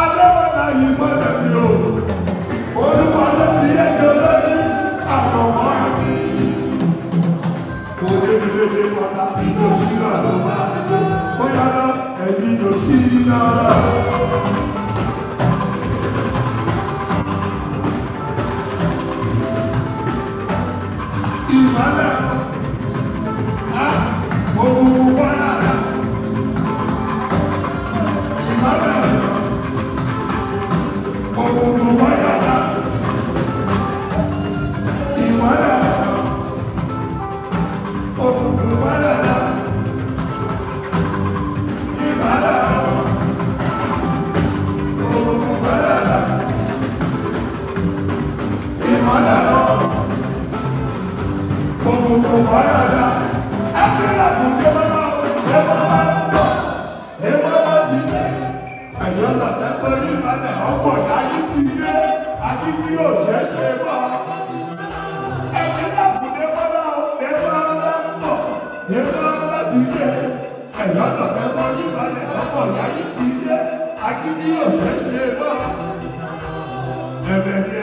Adéwọ̀n náà yìí gbọ́dọ̀ mi o. ìbàdàn ọkọ̀ dájú ti dé àti bí yóò ṣe ṣe bá. ẹ̀jẹ̀ dàbò dé bọ́lá o dé bọ́lá pọ̀ dé bọ́lá ti dé ẹ̀yọ́dọ̀ fẹ́ mọ́ ìbàdàn ọkọ̀ dájú ti dé àti bí yóò ṣe ṣe bá. ẹ̀bẹ̀ ni